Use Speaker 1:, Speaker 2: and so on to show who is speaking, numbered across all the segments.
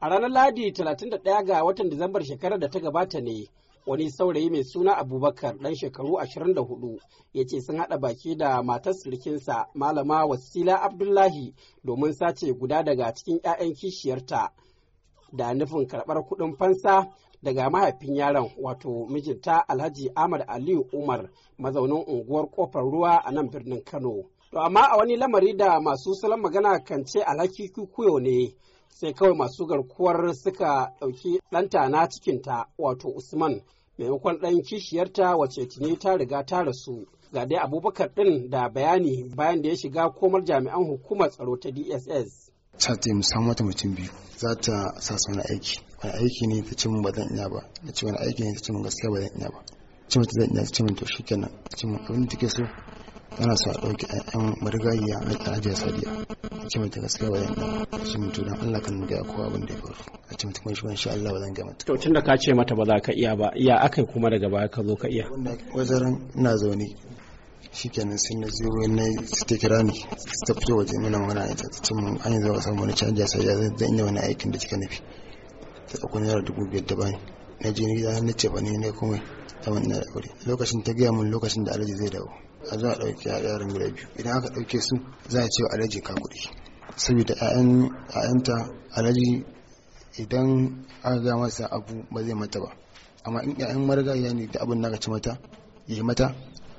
Speaker 1: A ranar Ladi 31 ga watan Disambar shekarar da ta gabata ne, wani saurayi mai suna Abubakar ɗan shekaru 24 ya ce sun haɗa baki da matar sirikinsa Malama Wasila Abdullahi domin sace guda daga cikin 'ya'yan kishiyarta da nufin karɓar kuɗin fansa daga mahaifin yaron wato mijinta Alhaji Ahmad Aliyu Umar mazaunin unguwar Kofar Ruwa a nan birnin Kano. To amma a wani lamari da masu salon magana kan ce alhaki kukuyo ne sai kawai masu garkuwar suka ɗauki ɗanta na cikinta wato usman maimakon ɗan kishiyarta wace tuni ta riga ta rasu ga dai abubakar ɗin da bayani bayan da ya shiga komar jami'an hukumar tsaro ta dss
Speaker 2: ta musamman wata mutum biyu za ta sa su wani aiki wani aiki ne ta ce min ba zan iya ba na ce wani aiki ne ta ce min gaskiya ba zan iya ba ce ta zan iya ta ce to shi ta ce abin da take so ana sa a ɗauki ɗan marigayiya a ajiye sadiya a cikin mata gaskiya ba zan ba ce mutu don allah kan ga ko abin da ya faru
Speaker 1: a cikin mutu kuma shi allah ba zan ga mata. kyautun da ka ce mata ba za ka iya ba iya aka kuma daga baya ka zo ka iya. wajen ina zaune shikenan sun na zero na ta kira
Speaker 2: ni ta fito waje muna magana a ita ta mun an yi zuwa samu wani canja sai ya zan yi wani aikin da kika nufi ta ɗauko naira dubu biyar da bani na je ni gida na ce ba ne ne kuma ta wani na da aure lokacin ta gaya mun lokacin da alaji zai dawo a zo a ɗauki yaran guda biyu idan aka ɗauke su za a ce wa alaji ka kuɗi saboda 'ya'yanta alaji idan aka ga masa abu ba zai mata ba amma in 'ya'yan ya ne da abin naka ci mata yi mata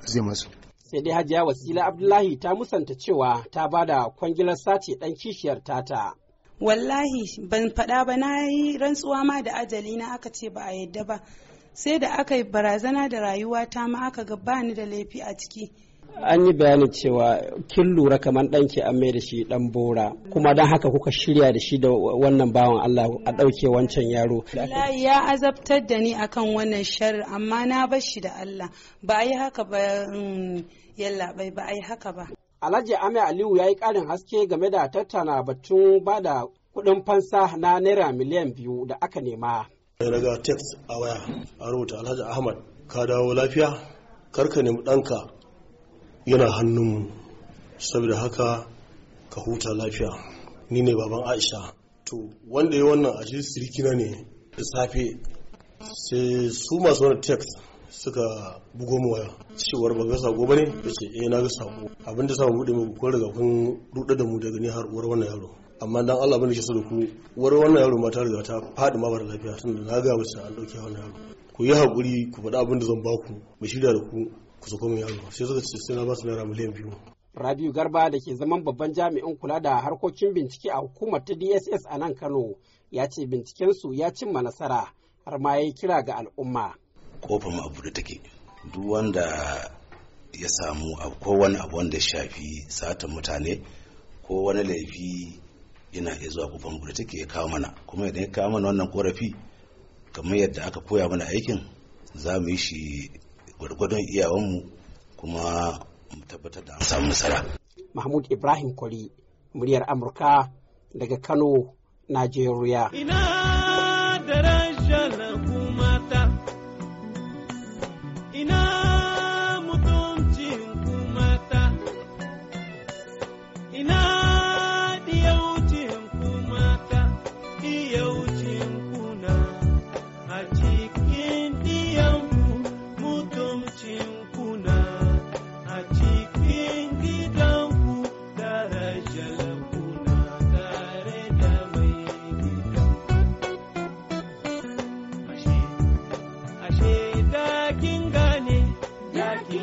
Speaker 2: zai masu
Speaker 1: sai dai hajiya wasila abdullahi ta musanta cewa ta ba da kwangilar sace ɗan kishiyar tata wallahi ban faɗa ba na yi rantsuwa ma da ajali na aka ce ba a yadda ba sai da aka yi barazana da rayuwata ma aka ga bani da laifi a ciki an yi bayani cewa kin lura kamar ɗanki an mai da shi ɗan bora kuma don haka kuka shirya da shi da wannan bawan Allah a ɗauke wancan yaro. ya azabtar da ni akan wannan sharri amma na bar shi da Allah ba a yi haka ba mm, ba a yi haka ba. Alhaji Ame Aliyu ya yi ƙarin haske game da tattana batun ba da kuɗin fansa na naira miliyan biyu da aka nema.
Speaker 3: daga text a waya a rubuta alhaji ahmad ka dawo lafiya karka nemi ɗanka yana hannun saboda haka ka huta lafiya ni ne baban aisha to wanda ya wannan a sirikina ne da safe sai su masu wani text suka bugo mu waya cewar ba ga sako bane ce eh na ga sako abinda sa mu bude mu kun riga kun rudu da mu daga ni har uwar wannan yaro amma dan Allah bane shi su da ku war wannan yaro mata riga ta fadi ma lafiya tun da na ga wasu an dauke wannan yaro ku yi hakuri ku faɗa abin da zan ba ku mu shirya da ku ku sako mai yaro sai suka ce sai na ba su naira miliyan biyu
Speaker 1: Rabiu Garba da ke zaman babban jami'in kula da harkokin bincike a hukumar ta DSS a nan Kano ya ce su ya cimma nasara har ma ya kira ga al'umma.
Speaker 3: Kofar ma abu da take duk wanda ya samu ko wani abu wanda shafi satan mutane ko wani laifi yana iya zuwa kofar da take ya kawo mana kuma idan ya kawo mana wannan korafi kamar yadda aka koya mana aikin za mu yi shi gwargwadon iyawanmu kuma mu tabbatar da an samu nasara.
Speaker 1: Mahmud Ibrahim Kwari, muryar Amurka daga Kano, Najeriya.
Speaker 3: Ina